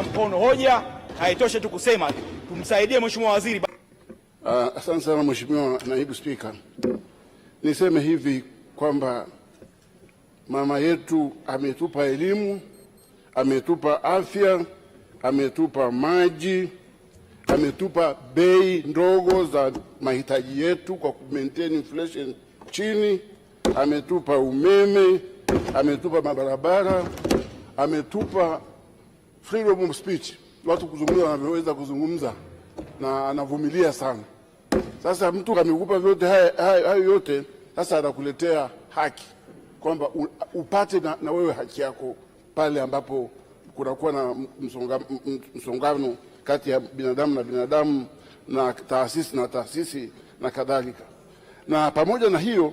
Mkono hoja haitoshe tu kusema tumsaidie mheshimiwa waziri. Ah, asante uh, sana mheshimiwa naibu spika, niseme hivi kwamba mama yetu ametupa elimu, ametupa afya, ametupa maji, ametupa bei ndogo za mahitaji yetu kwa ku maintain inflation chini, ametupa umeme, ametupa mabarabara, ametupa freedom of speech, watu kuzungumza wanavyoweza kuzungumza, na anavumilia sana. Sasa mtu amekupa vyote hayo yote, sasa anakuletea haki kwamba upate na, na wewe haki yako pale ambapo kunakuwa na msongano kati ya binadamu na binadamu na taasisi na taasisi na kadhalika. Na pamoja na hiyo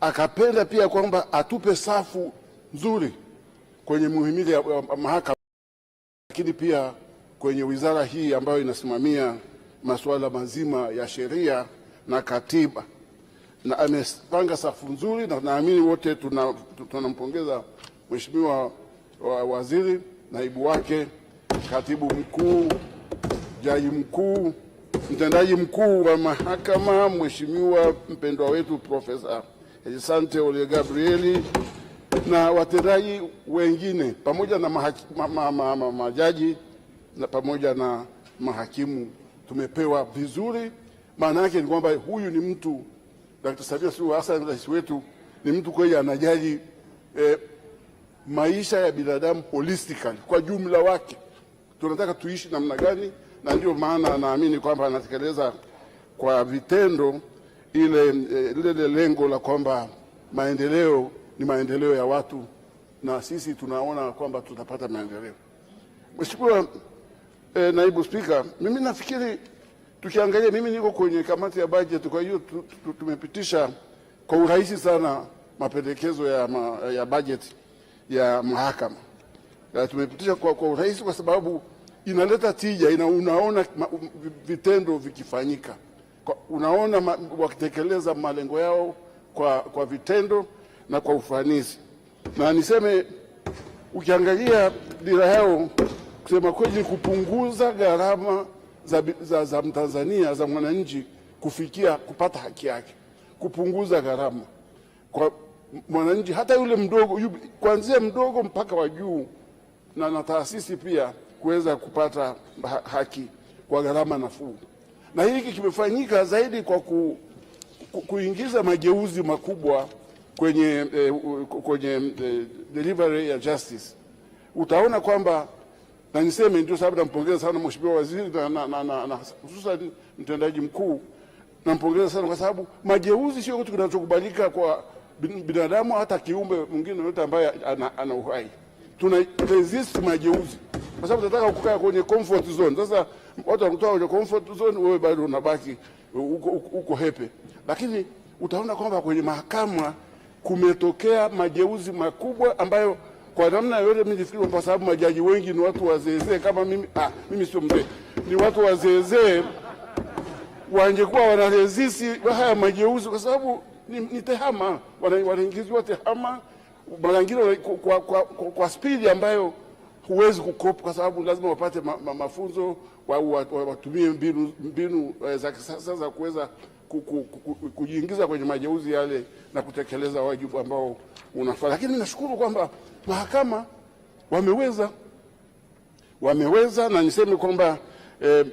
akapenda pia kwamba atupe safu nzuri kwenye muhimili wa mahakama. Lakini pia kwenye wizara hii ambayo inasimamia masuala mazima ya sheria na katiba, na amepanga safu nzuri, na naamini wote tunampongeza tuna mheshimiwa wa waziri, naibu wake, katibu mkuu, jaji mkuu, mtendaji mkuu wa mahakama, mheshimiwa mpendwa wetu Profesa Asante Ole Gabrieli na watendaji wengine pamoja na majaji ma, ma, ma, ma, ma, na pamoja na mahakimu tumepewa vizuri. Maana yake ni kwamba huyu ni mtu, Dkt. Samia Suluhu Hassan rais wetu ni mtu kweli anajali eh, maisha ya binadamu holistically kwa jumla wake, tunataka tuishi namna gani, na ndio maana naamini kwamba anatekeleza kwa vitendo ile e, lile lengo la kwamba maendeleo ni maendeleo ya watu, na sisi tunaona kwamba tutapata maendeleo. Mheshimiwa eh, naibu Spika, mimi nafikiri tukiangalia, mimi niko kwenye kamati ya bajeti, kwa hiyo tumepitisha kwa urahisi sana mapendekezo ya, ma, ya bajeti ya mahakama tumepitisha kwa, kwa urahisi kwa sababu inaleta tija ina, unaona ma, vitendo vikifanyika kwa, unaona ma, wakitekeleza malengo yao kwa, kwa vitendo na kwa ufanisi, na niseme ukiangalia dira yao kusema kweli ni kupunguza gharama za, za, za Mtanzania za mwananchi kufikia kupata haki yake, kupunguza gharama kwa mwananchi hata yule mdogo kuanzia mdogo mpaka wa juu na na taasisi pia kuweza kupata ha haki kwa gharama nafuu, na hiki kimefanyika zaidi kwa ku, ku, kuingiza mageuzi makubwa kwenye, eh, kwenye eh, delivery ya justice utaona kwamba na niseme, ndio sababu nampongeza sana mheshimiwa waziri na, na, na, na, na hususan mtendaji mkuu nampongeza sana kwa sababu majeuzi sio kitu kinachokubalika kwa binadamu, hata kiumbe mwingine yote ambaye ana, ana uhai. Tuna resist majeuzi kwa sababu tunataka kukaa kwenye comfort zone. Sasa watu wanakutoa kwenye comfort zone, wewe bado unabaki uko, uko, uko hepe, lakini utaona kwamba kwenye mahakama kumetokea mageuzi makubwa ambayo kwa namna yoyote mimi nifikiri kwa sababu majaji wengi ni watu wazeezee kama mimi. Ah, mimi sio mzee, ni watu wazeezee wangekuwa wanaresisi haya mageuzi, kwa sababu ni, ni tehama, wanaingizwa tehama mara nyingine kwa, kwa, kwa, kwa spidi ambayo huwezi kukopa, kwa sababu lazima wapate ma, ma, mafunzo watumie wa, wa, mbinu, mbinu eh, za kisasa za kuweza kujiingiza kwenye majeuzi yale na kutekeleza wajibu ambao unafaa. Lakini nashukuru kwamba mahakama wameweza wameweza na niseme kwamba e,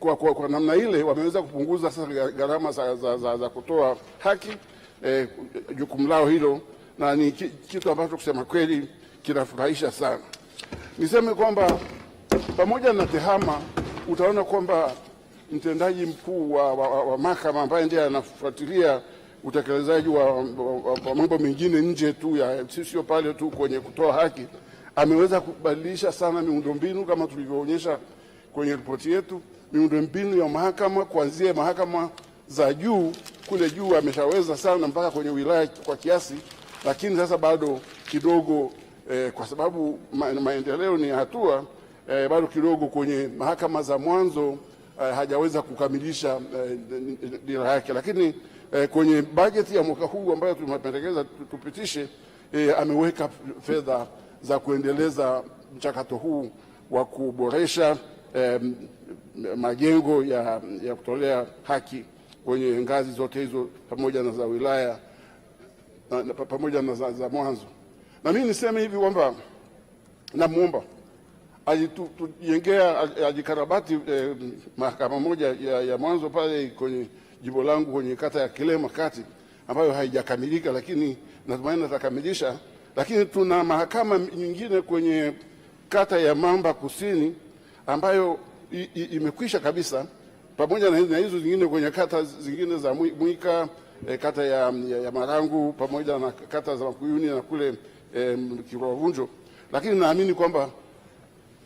kwa, kwa, kwa namna ile wameweza kupunguza sasa gharama za, za, za, za kutoa haki e, jukumu lao hilo, na ni kitu ambacho kusema kweli kinafurahisha sana. Niseme kwamba pamoja na tehama utaona kwamba mtendaji mkuu wa, wa, wa, wa mahakama ambaye ndiye anafuatilia utekelezaji wa, wa, wa, wa mambo mengine nje tu ya sio pale tu kwenye kutoa haki, ameweza kubadilisha sana miundombinu kama tulivyoonyesha kwenye ripoti yetu, miundombinu ya mahakama kuanzia mahakama za juu kule juu ameshaweza sana mpaka kwenye wilaya kwa kiasi, lakini sasa bado kidogo eh, kwa sababu ma, maendeleo ni hatua eh, bado kidogo kwenye mahakama za mwanzo eh, hajaweza kukamilisha eh, yake, lakini eh, kwenye bajeti ya mwaka huu ambayo tumependekeza tupitishe eh, ameweka fedha za kuendeleza mchakato huu wa kuboresha eh, majengo ya, ya kutolea haki kwenye ngazi zote hizo pamoja na za wilaya na, na, pamoja na za, za mwanzo. Na mimi niseme hivi kwamba namwomba alitujengea ajikarabati eh, mahakama moja ya, ya mwanzo pale kwenye jimbo langu kwenye kata ya Kilema kati ambayo haijakamilika, lakini natumaini atakamilisha. Lakini tuna mahakama nyingine kwenye kata ya Mamba Kusini ambayo imekwisha kabisa, pamoja na hizo zingine kwenye kata zingine za Mwika eh, kata ya, ya, ya Marangu pamoja na kata za Makuyuni na kule eh, Kirwavunjo, lakini naamini kwamba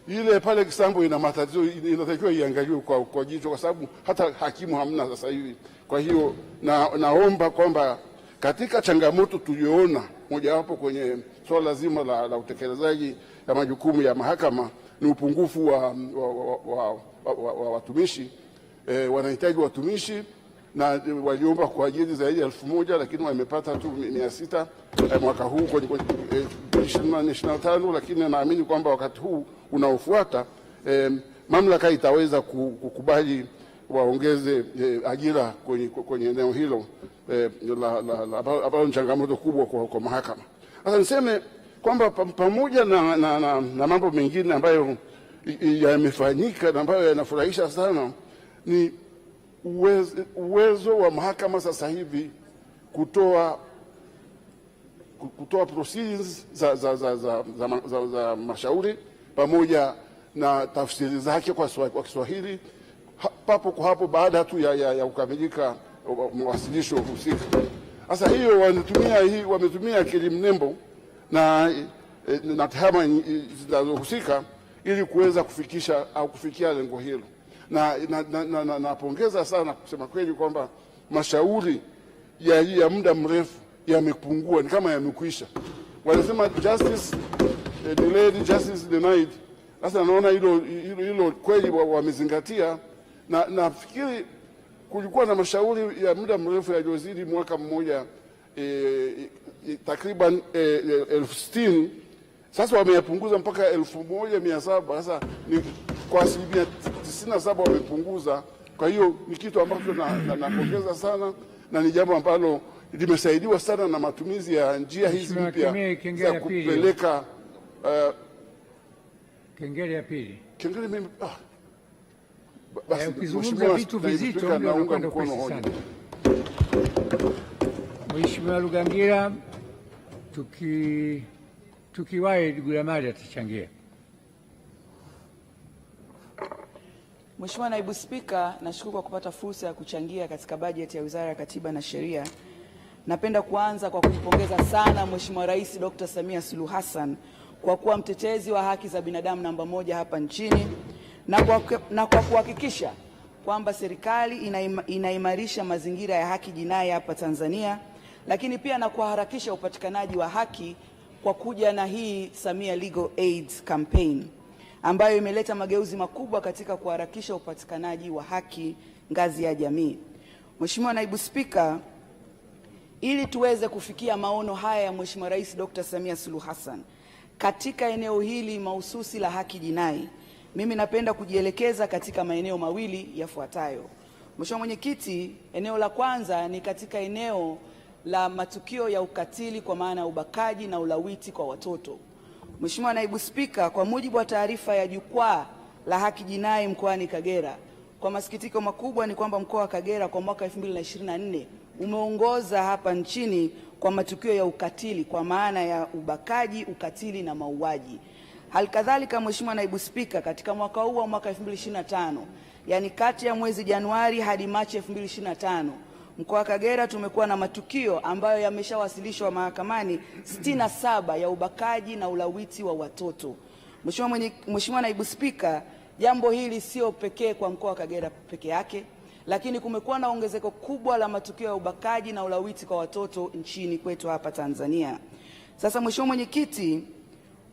ile pale Kisambo ina matatizo, inatakiwa iangaliwe kwa, kwa jicho, kwa sababu hata hakimu hamna sasa hivi. Kwa hiyo na, naomba kwamba katika changamoto tuliyoona mojawapo kwenye swala so zima la, la utekelezaji ya majukumu ya mahakama ni upungufu wa, wa, wa, wa, wa, wa, wa watumishi e, wanahitaji watumishi na waliomba kwa ajili zaidi ya elfu moja lakini wamepata tu mia sita eh, mwaka huu kwenye eh, ishirini na tano, lakini naamini kwamba wakati huu unaofuata eh, mamlaka itaweza kukubali waongeze eh, ajira kwenye, kwenye eneo hilo eh, ambalo ni changamoto kubwa kwa, kwa mahakama. Sasa niseme kwamba pamoja na, na, na, na mambo mengine ambayo yamefanyika na ambayo yanafurahisha sana ni uwezo, wa mahakama sasa hivi kutoa kutoa proceedings za, za, za, za, za, za, za, za mashauri pamoja na tafsiri zake kwa Kiswahili papo kwa hapo baada tu ya, ya, ya kukamilika mawasilisho husika. Sasa hiyo wametumia hii wametumia akili mnembo na, eh, na tehama zinazohusika ili kuweza kufikisha au kufikia lengo hilo. Napongeza na, na, na, na, sana kusema kweli kwamba mashauri ya, ya muda mrefu yamepungua, ni kama yamekwisha. Wanasema justice eh, delayed, justice denied. Sasa naona hilo hilo kweli wamezingatia, na nafikiri kulikuwa na mashauri ya muda mrefu yaliyozidi mwaka mmoja eh, eh, takriban eh, elfu sitini sasa wameyapunguza mpaka elfu moja mia saba sasa ni kwa asilimia tisini na saba wamepunguza. Kwa hiyo ni kitu ambacho napongeza na sana na ni jambo ambalo limesaidiwa sana na matumizi ya njia hizi mpya za kupeleka uh, kengele ya pili kengele mimi ah, eh, basi ukizungumza vitu vizito Mheshimiwa Lugangira, tukiwahi tuki Dugulamali atachangia. Mheshimiwa Naibu Spika, nashukuru kwa kupata fursa ya kuchangia katika bajeti ya Wizara ya Katiba na Sheria. Napenda kuanza kwa kumpongeza sana Mheshimiwa Rais Dr. Samia Suluhu Hassan kwa kuwa mtetezi wa haki za binadamu namba moja hapa nchini na kwa, na kwa kuhakikisha kwamba serikali inaima, inaimarisha mazingira ya haki jinai hapa Tanzania, lakini pia na kuharakisha upatikanaji wa haki kwa kuja na hii Samia Legal Aid Campaign ambayo imeleta mageuzi makubwa katika kuharakisha upatikanaji wa haki ngazi ya jamii. Mheshimiwa Naibu Spika, ili tuweze kufikia maono haya ya Mheshimiwa Rais Dr. Samia Suluhu Hassan katika eneo hili mahususi la haki jinai, mimi napenda kujielekeza katika maeneo mawili yafuatayo. Mheshimiwa Mwenyekiti, eneo la kwanza ni katika eneo la matukio ya ukatili kwa maana ya ubakaji na ulawiti kwa watoto. Mheshimiwa Naibu Spika, kwa mujibu wa taarifa ya Jukwaa la Haki Jinai mkoani Kagera, kwa masikitiko makubwa ni kwamba mkoa wa Kagera kwa mwaka 2024 umeongoza hapa nchini kwa matukio ya ukatili kwa maana ya ubakaji, ukatili na mauaji. Halikadhalika, Mheshimiwa Naibu Spika, katika mwaka huu wa mwaka 2025, yani kati ya mwezi Januari hadi Machi 2025 Mkoa wa Kagera tumekuwa na matukio ambayo yameshawasilishwa mahakamani sitini na saba ya ubakaji na ulawiti wa watoto. Mheshimiwa Mheshimiwa Naibu Spika, jambo hili sio pekee kwa mkoa wa Kagera peke yake, lakini kumekuwa na ongezeko kubwa la matukio ya ubakaji na ulawiti kwa watoto nchini kwetu hapa Tanzania. Sasa Mheshimiwa Mwenyekiti,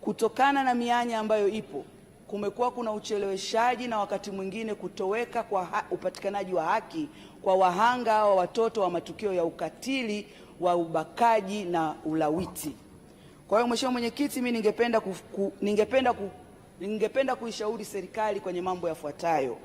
kutokana na mianya ambayo ipo kumekuwa kuna ucheleweshaji na wakati mwingine kutoweka kwa ha upatikanaji wa haki kwa wahanga wa watoto wa matukio ya ukatili wa ubakaji na ulawiti. Kwa hiyo Mheshimiwa Mwenyekiti, mimi ningependa ku, ku, ningependa ku, ningependa kuishauri serikali kwenye mambo yafuatayo.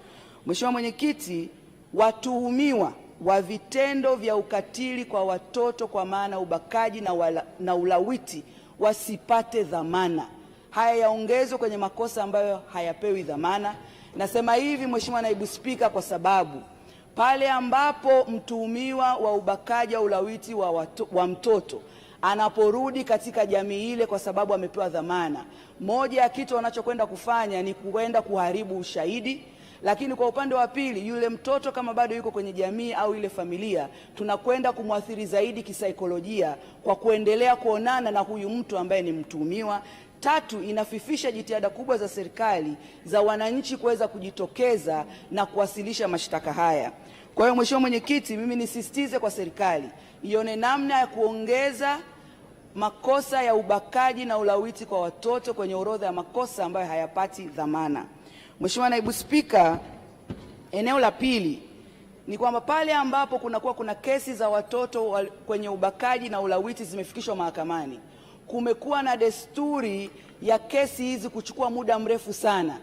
Mheshimiwa Mwenyekiti, watuhumiwa wa vitendo vya ukatili kwa watoto kwa maana ubakaji na, wala, na ulawiti wasipate dhamana. Haya yaongezwe kwenye makosa ambayo hayapewi dhamana. Nasema hivi Mheshimiwa Naibu Spika, kwa sababu pale ambapo mtuhumiwa wa ubakaji au ulawiti wa, watu, wa mtoto anaporudi katika jamii ile, kwa sababu amepewa dhamana, moja ya kitu wanachokwenda kufanya ni kuenda kuharibu ushahidi lakini kwa upande wa pili, yule mtoto kama bado yuko kwenye jamii au ile familia, tunakwenda kumwathiri zaidi kisaikolojia, kwa kuendelea kuonana na huyu mtu ambaye ni mtuhumiwa, Tatu, inafifisha jitihada kubwa za serikali za wananchi kuweza kujitokeza na kuwasilisha mashtaka haya. Kwa hiyo Mheshimiwa Mwenyekiti, mimi nisisitize kwa serikali ione namna ya kuongeza makosa ya ubakaji na ulawiti kwa watoto kwenye orodha ya makosa ambayo hayapati dhamana. Mheshimiwa Naibu Spika, eneo la pili ni kwamba pale ambapo kunakuwa kuna kesi za watoto kwenye ubakaji na ulawiti zimefikishwa mahakamani kumekuwa na desturi ya kesi hizi kuchukua muda mrefu sana.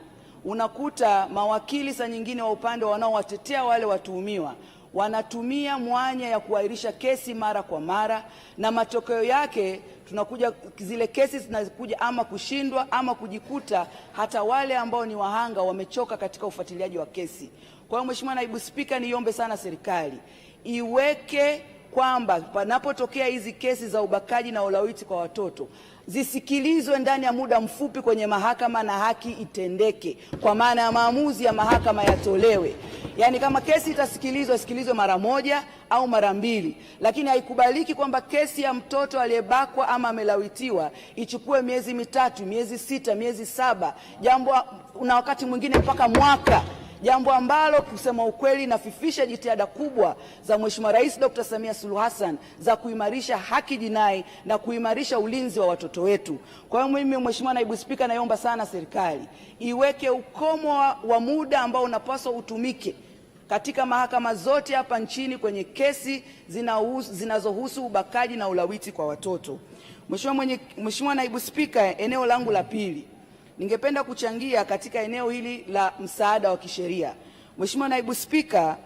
Unakuta mawakili saa nyingine wa upande wanaowatetea wale watuhumiwa wanatumia mwanya ya kuahirisha kesi mara kwa mara, na matokeo yake tunakuja zile kesi zinakuja ama kushindwa ama kujikuta hata wale ambao ni wahanga wamechoka katika ufuatiliaji wa kesi. Kwa hiyo, Mheshimiwa Naibu Spika, niombe sana serikali iweke kwamba panapotokea hizi kesi za ubakaji na ulawiti kwa watoto zisikilizwe ndani ya muda mfupi kwenye mahakama na haki itendeke, kwa maana ya maamuzi ya mahakama yatolewe. Yaani, kama kesi itasikilizwa isikilizwe mara moja au mara mbili, lakini haikubaliki kwamba kesi ya mtoto aliyebakwa ama amelawitiwa ichukue miezi mitatu, miezi sita, miezi saba, jambo na wakati mwingine mpaka mwaka jambo ambalo kusema ukweli nafifisha jitihada kubwa za Mheshimiwa Rais Dr. Samia Suluhu Hassan za kuimarisha haki jinai na kuimarisha ulinzi wa watoto wetu. Kwa hiyo mimi, Mheshimiwa Naibu Spika, naiomba sana serikali iweke ukomo wa muda ambao unapaswa utumike katika mahakama zote hapa nchini kwenye kesi zinazohusu ubakaji na ulawiti kwa watoto. Mheshimiwa Naibu Spika, eneo langu la pili Ningependa kuchangia katika eneo hili la msaada wa kisheria. Mheshimiwa Naibu Spika,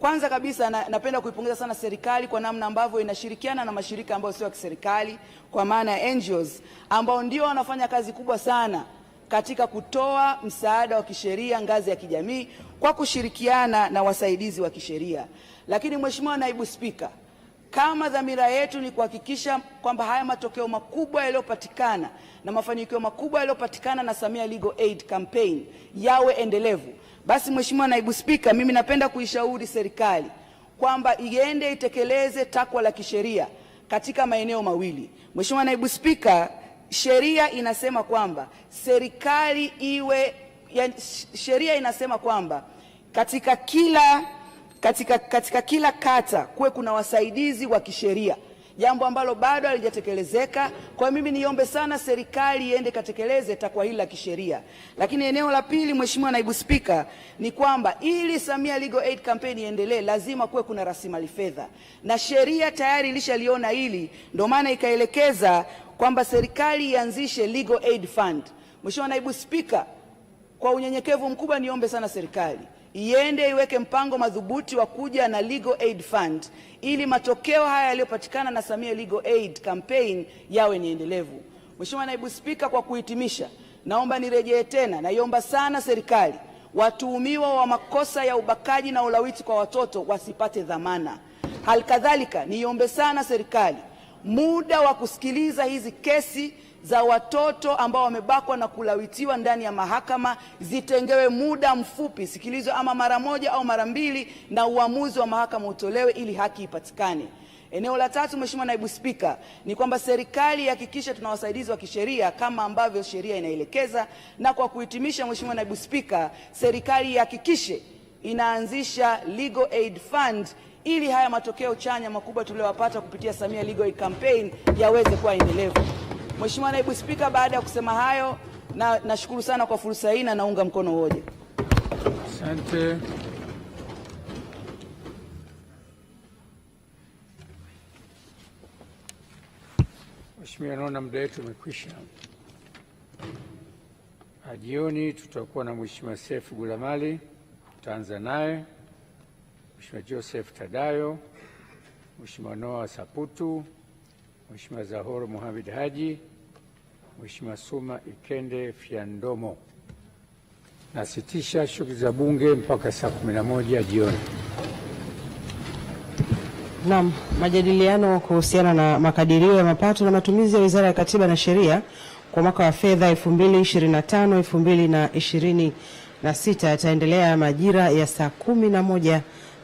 kwanza kabisa na, napenda kuipongeza sana serikali kwa namna ambavyo inashirikiana na mashirika ambayo sio ya kiserikali kwa maana ya NGOs ambao ndio wanafanya kazi kubwa sana katika kutoa msaada wa kisheria ngazi ya kijamii kwa kushirikiana na wasaidizi wa kisheria. Lakini Mheshimiwa Naibu Spika kama dhamira yetu ni kuhakikisha kwamba haya matokeo makubwa yaliyopatikana na mafanikio makubwa yaliyopatikana na Samia Legal Aid Campaign yawe endelevu, basi Mheshimiwa Naibu Spika, mimi napenda kuishauri serikali kwamba iende itekeleze takwa la kisheria katika maeneo mawili. Mheshimiwa Naibu Spika, sheria inasema kwamba serikali iwe, yani sheria inasema kwamba katika kila katika, katika kila kata kuwe kuna wasaidizi wa kisheria, jambo ambalo bado halijatekelezeka. Kwa mimi niombe sana serikali iende katekeleze takwa hili la kisheria. Lakini eneo la pili, Mheshimiwa Naibu Spika, ni kwamba ili Samia Legal Aid Campaign iendelee lazima kuwe kuna rasilimali fedha, na sheria tayari ilishaliona hili, ndio maana ikaelekeza kwamba serikali ianzishe Legal Aid Fund. Mheshimiwa Naibu Spika, kwa unyenyekevu mkubwa niombe sana serikali iende iweke mpango madhubuti wa kuja na legal aid fund ili matokeo haya yaliyopatikana na Samia Legal Aid campaign yawe ni endelevu. Mheshimiwa Naibu Spika, kwa kuhitimisha, naomba nirejee tena, naiomba sana serikali, watuhumiwa wa makosa ya ubakaji na ulawiti kwa watoto wasipate dhamana. Halikadhalika niombe sana serikali muda wa kusikiliza hizi kesi za watoto ambao wamebakwa na kulawitiwa ndani ya mahakama zitengewe muda mfupi, sikilizwe ama mara moja au mara mbili, na uamuzi wa mahakama utolewe ili haki ipatikane. Eneo la tatu, Mheshimiwa Naibu Spika, ni kwamba serikali ihakikishe tuna wasaidizi wa kisheria kama ambavyo sheria inaelekeza. Na kwa kuhitimisha, Mheshimiwa Naibu Spika, serikali ihakikishe inaanzisha Legal Aid Fund ili haya matokeo chanya makubwa tuliyopata kupitia Samia Legal Aid Campaign yaweze kuwa endelevu. Mheshimiwa Naibu Spika, baada ya kusema hayo, na nashukuru sana kwa fursa hii na naunga mkono hoja. Asante. Mheshimiwa, naona muda wetu umekwisha. ajioni ah, tutakuwa na Mheshimiwa Seif Gulamali, tutaanza naye Mheshimiwa Joseph Tadayo, Mheshimiwa Noah Saputu, Mheshimiwa Zahoro Muhammad Haji Mheshimiwa Suma Ikende Fyandomo. Nasitisha shughuli za bunge mpaka saa 11 jioni. Naam, majadiliano kuhusiana na makadirio ya mapato na matumizi ya Wizara ya Katiba na Sheria kwa mwaka wa fedha 2025 2026 yataendelea majira ya saa moja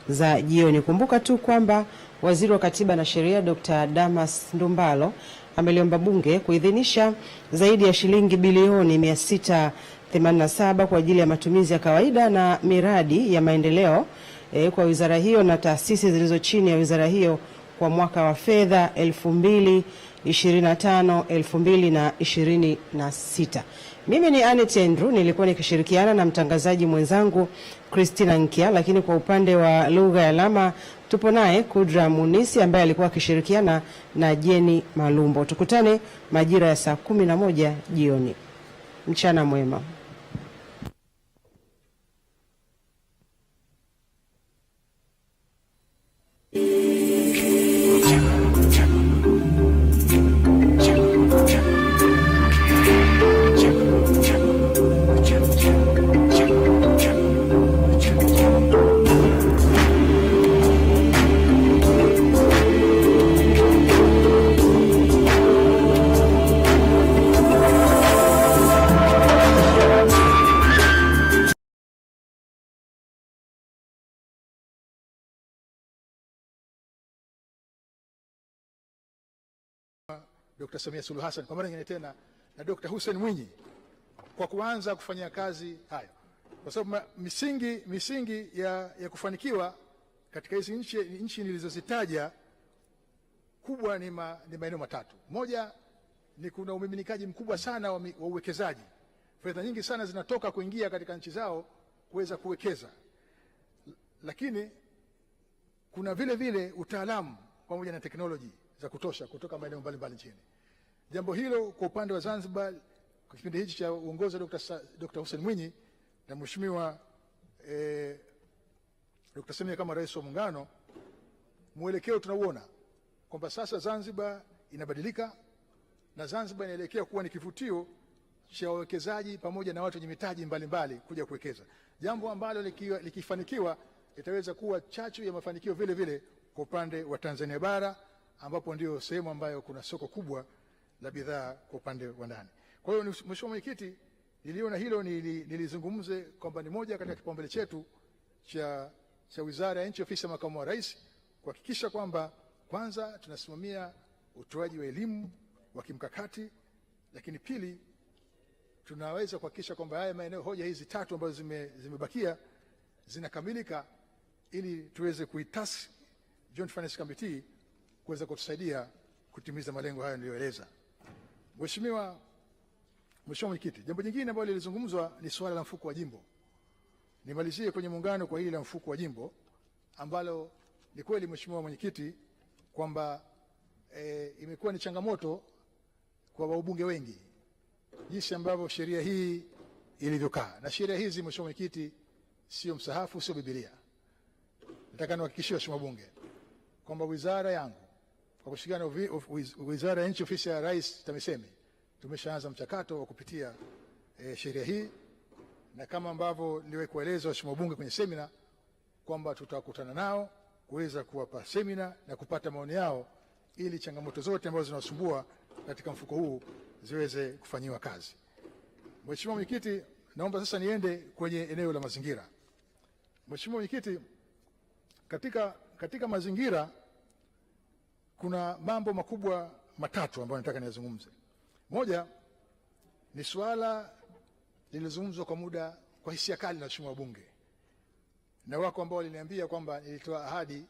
za jioni. Kumbuka tu kwamba Waziri wa Katiba na Sheria Dr. Damas Ndumbalo ameliomba bunge kuidhinisha zaidi ya shilingi bilioni 687 kwa ajili ya matumizi ya kawaida na miradi ya maendeleo e, kwa wizara hiyo na taasisi zilizo chini ya wizara hiyo kwa mwaka wa fedha 2025 2026. Mimi ni Anet Andrew, nilikuwa nikishirikiana na mtangazaji mwenzangu Christina Nkia, lakini kwa upande wa lugha ya alama Tupo naye Kudra Munisi ambaye alikuwa akishirikiana na Jeni Malumbo. Tukutane majira ya saa kumi na moja jioni. Mchana mwema. Dr. Samia Suluhu Hassan kwa mara nyingine tena na Dr. Hussein Mwinyi kwa kuanza kufanyia kazi hayo, kwa sababu misingi, misingi ya, ya kufanikiwa katika hizi nchi, nchi nilizozitaja kubwa ni, ma, ni maeneo matatu. Moja ni kuna umiminikaji mkubwa sana wa, wa uwekezaji, fedha nyingi sana zinatoka kuingia katika nchi zao kuweza kuwekeza, lakini kuna vile vile utaalamu pamoja na teknoloji za kutosha kutoka maeneo mbalimbali nchini. Jambo hilo kwa upande wa Zanzibar kwa kipindi hichi cha uongozi wa Dr. Hussein Mwinyi na Mheshimiwa eh, Dr. Samia kama rais wa Muungano, mwelekeo tunauona kwamba sasa Zanzibar inabadilika na Zanzibar inaelekea kuwa ni kivutio cha wawekezaji pamoja na watu wenye mitaji mbalimbali kuja kuwekeza, jambo ambalo likifanikiwa litaweza kuwa chachu ya mafanikio vile vile kwa upande wa Tanzania bara ambapo ndio sehemu ambayo kuna soko kubwa la bidhaa kwa upande wa ndani. Kwa hiyo Mheshimiwa Mwenyekiti, niliona hilo nilizungumze kwamba ni moja katika kipaumbele chetu cha, cha Wizara ya Nchi Ofisi ya Makamu wa Rais kuhakikisha kwamba kwanza tunasimamia utoaji wa elimu wa kimkakati, lakini pili tunaweza kuhakikisha kwamba haya maeneo hoja hizi tatu ambazo zimebakia zime zinakamilika ili tuweze kuitasi Joint Finance Committee kuweza kutusaidia kutimiza malengo hayo niliyoeleza. Mheshimiwa Mheshimiwa Mwenyekiti, jambo jingine ambalo lilizungumzwa ni suala la mfuko wa jimbo. Nimalizie kwenye muungano kwa hili la mfuko wa jimbo ambalo ni kweli Mheshimiwa Mwenyekiti kwamba e, imekuwa ni changamoto kwa wabunge wengi jinsi ambavyo sheria hii ilivyokaa, na sheria hizi Mheshimiwa Mwenyekiti sio msahafu, sio Biblia. Nataka niwahakikishie Mheshimiwa bunge kwamba wizara yangu kwa kushirikiana wizara ya nchi ofisi ya Rais TAMISEMI tumeshaanza mchakato wa kupitia e, sheria hii, na kama ambavyo niliwahi kueleza waheshimiwa wabunge kwenye semina kwamba tutakutana nao kuweza kuwapa semina na kupata maoni yao ili changamoto zote ambazo zinawasumbua katika mfuko huu ziweze kufanyiwa kazi. Mheshimiwa Mwenyekiti, naomba sasa niende kwenye eneo la mazingira. Mheshimiwa Mwenyekiti, katika, katika mazingira kuna mambo makubwa matatu ambayo nataka niyazungumze. Moja ni suala lililozungumzwa kwa muda kwa hisia kali na waheshimiwa wabunge, na wako ambao waliniambia kwamba nilitoa ahadi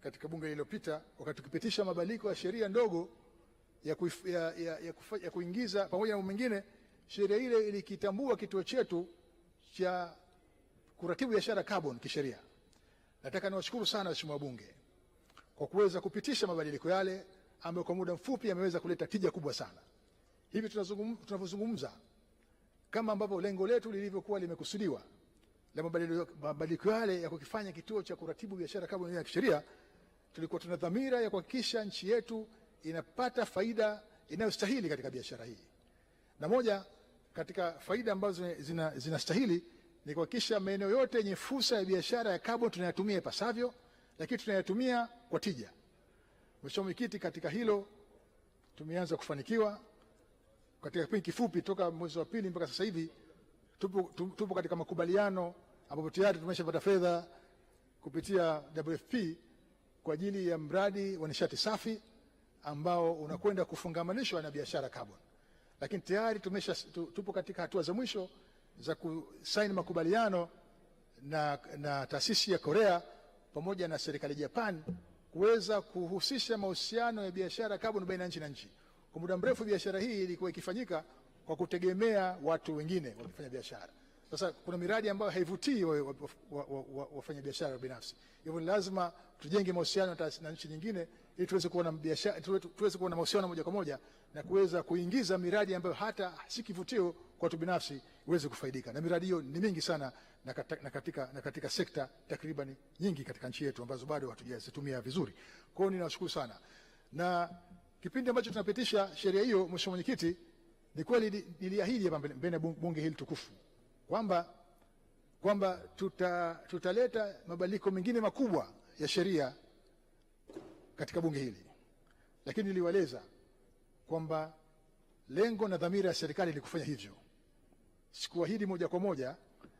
katika bunge lililopita wakati tukipitisha mabadiliko ya sheria ndogo ya, kuif, ya, ya, ya, kufa, ya kuingiza pamoja na mwingine, sheria ile ilikitambua kituo chetu cha kuratibu biashara carbon kisheria. Nataka niwashukuru sana waheshimiwa wabunge kwa kuweza kupitisha mabadiliko yale ambayo kwa muda mfupi yameweza kuleta tija kubwa sana. Hivi tunavyozungumza, kama ambavyo lengo letu lilivyokuwa limekusudiwa la mabadiliko yale ya kukifanya kituo cha kuratibu biashara kabla ya kisheria, tulikuwa tuna dhamira ya kuhakikisha nchi yetu inapata faida inayostahili katika biashara hii, na moja katika faida ambazo zinastahili zina, ni kuhakikisha maeneo yote yenye fursa ya biashara ya kaboni tunayatumia ipasavyo lakini tunayatumia kwa tija. Mheshimiwa Mwenyekiti, katika hilo tumeanza kufanikiwa katika kipindi kifupi toka mwezi wa pili mpaka sasa hivi tupo, tupo katika makubaliano ambapo tayari tumeshapata fedha kupitia WFP kwa ajili ya mradi wa nishati safi ambao unakwenda kufungamanishwa na biashara carbon, lakini tayari tumesha tupo katika hatua za mwisho za kusaini makubaliano na, na taasisi ya Korea pamoja na serikali ya Japan kuweza kuhusisha mahusiano ya biashara kaboni baina ya nchi na nchi. Kwa muda mrefu biashara hii ilikuwa ikifanyika kwa kutegemea watu wengine wakifanya biashara. Sasa kuna miradi ambayo haivutii wafanya biashara binafsi, hivyo ni lazima tujenge mahusiano na nchi nyingine ili tuweze kuwa na biashara, tuweze kuwa na mahusiano moja kwa moja na kuweza kuingiza miradi ambayo hata si kivutio kwa watu binafsi uweze kufaidika, na miradi hiyo ni mingi sana na katika, na katika, na katika sekta takriban nyingi katika nchi yetu ambazo bado hatujazitumia vizuri. Kwa hiyo ninawashukuru sana, na kipindi ambacho tunapitisha sheria hiyo, mheshimiwa mwenyekiti, ni kweli niliahidi hapa mbele ya bunge hili tukufu kwamba kwamba tuta, tutaleta mabadiliko mengine makubwa ya sheria katika bunge hili, lakini niliwaeleza kwamba lengo na dhamira ya serikali ni kufanya hivyo. Sikuahidi moja kwa moja,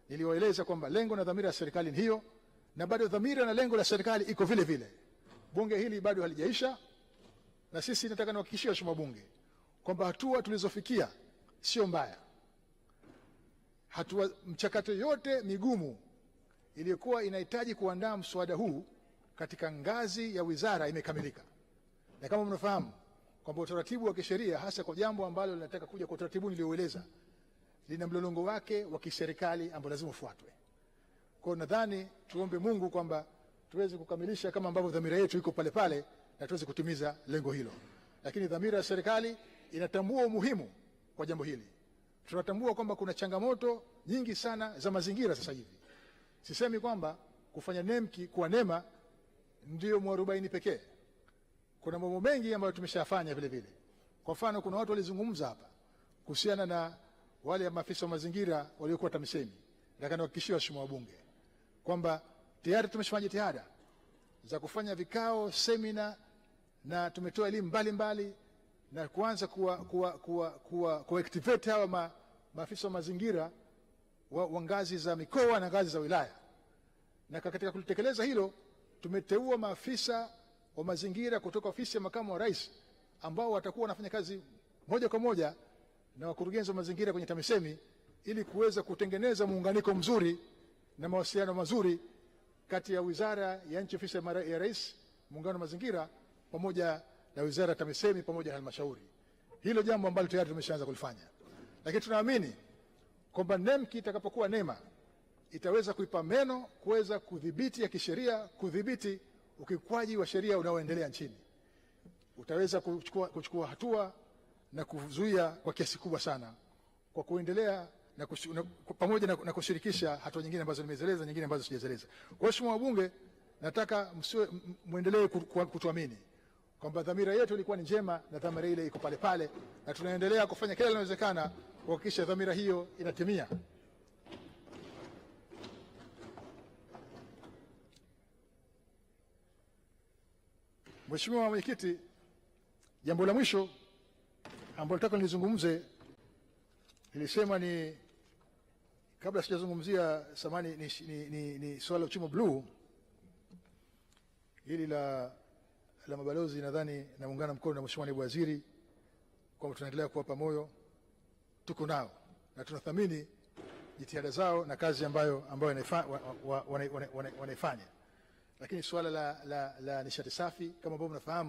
niliwaeleza kwamba lengo na dhamira ya serikali ni hiyo, na bado dhamira na lengo la serikali iko vile vile. Bunge hili bado halijaisha, na sisi nataka niwahakikishie waheshimiwa bunge kwamba hatua tulizofikia sio mbaya. Hatua mchakato yote migumu iliyokuwa inahitaji kuandaa mswada huu katika ngazi ya wizara imekamilika, na kama mnafahamu kwamba utaratibu wa kisheria hasa kwa jambo ambalo linataka kuja kwa utaratibu nilioueleza lina mlolongo wake wa kiserikali ambao lazima ufuatwe. Kwa hiyo nadhani tuombe Mungu kwamba tuweze kukamilisha kama ambavyo dhamira yetu iko pale pale na tuweze kutimiza lengo hilo, lakini dhamira ya serikali inatambua umuhimu kwa jambo hili. Tunatambua kwamba kuna changamoto nyingi sana za mazingira sasa hivi. Sisemi kwamba kufanya nemki kuwa NEMA ndio mwarobaini pekee. Kuna mambo mengi ambayo tumeshafanya vile vile. Kwa mfano, kuna watu walizungumza hapa kuhusiana na wale maafisa wa mazingira waliokuwa TAMISEMI. Nataka niwahakikishie waheshimiwa wabunge kwamba tayari tumeshafanya jitihada za kufanya vikao, semina na tumetoa elimu mbalimbali na kuanza kuwa, kuwa, kuwa, kuwa, kuwa activate hawa ma, maafisa wa mazingira wa, wa ngazi za mikoa na ngazi za wilaya. Na katika kulitekeleza hilo tumeteua maafisa wa mazingira kutoka ofisi ya makamu wa rais ambao watakuwa wanafanya kazi moja kwa moja na wakurugenzi wa mazingira kwenye TAMISEMI ili kuweza kutengeneza muunganiko mzuri na mawasiliano mazuri kati ya wizara ya nchi ofisi ya Rais muungano wa mazingira pamoja na wizara ya TAMISEMI pamoja na halmashauri. Hilo jambo ambalo tayari tumeshaanza kulifanya, lakini tunaamini kwamba nemki itakapokuwa NEMA itaweza kuipa meno kuweza kudhibiti ya kisheria, kudhibiti ukiukwaji wa sheria unaoendelea nchini. Utaweza kuchukua, kuchukua hatua na kuzuia kwa kiasi kubwa sana kwa kuendelea na kushu, na, pamoja na, na kushirikisha hatua nyingine ambazo nimezieleza, nyingine ambazo sijazieleza. Kwa Mheshimiwa wabunge, nataka msiwe muendelee kutuamini kwamba dhamira yetu ilikuwa ni njema na dhamira ile iko pale pale, na tunaendelea kufanya kila linalowezekana kuhakikisha dhamira hiyo inatimia. Mheshimiwa Mwenyekiti, jambo la mwisho ambayo nataka nizungumze, nilisema ni kabla sijazungumzia samani ni, ni, ni, ni swala la uchumi bluu hili la, la mabalozi, nadhani naungana mkono na Mheshimiwa Naibu Waziri kwamba tunaendelea kuwapa moyo, tuko nao na tunathamini jitihada zao na kazi ambayo, ambayo wanaifanya, lakini suala la, la, la nishati safi kama ambavyo mnafahamu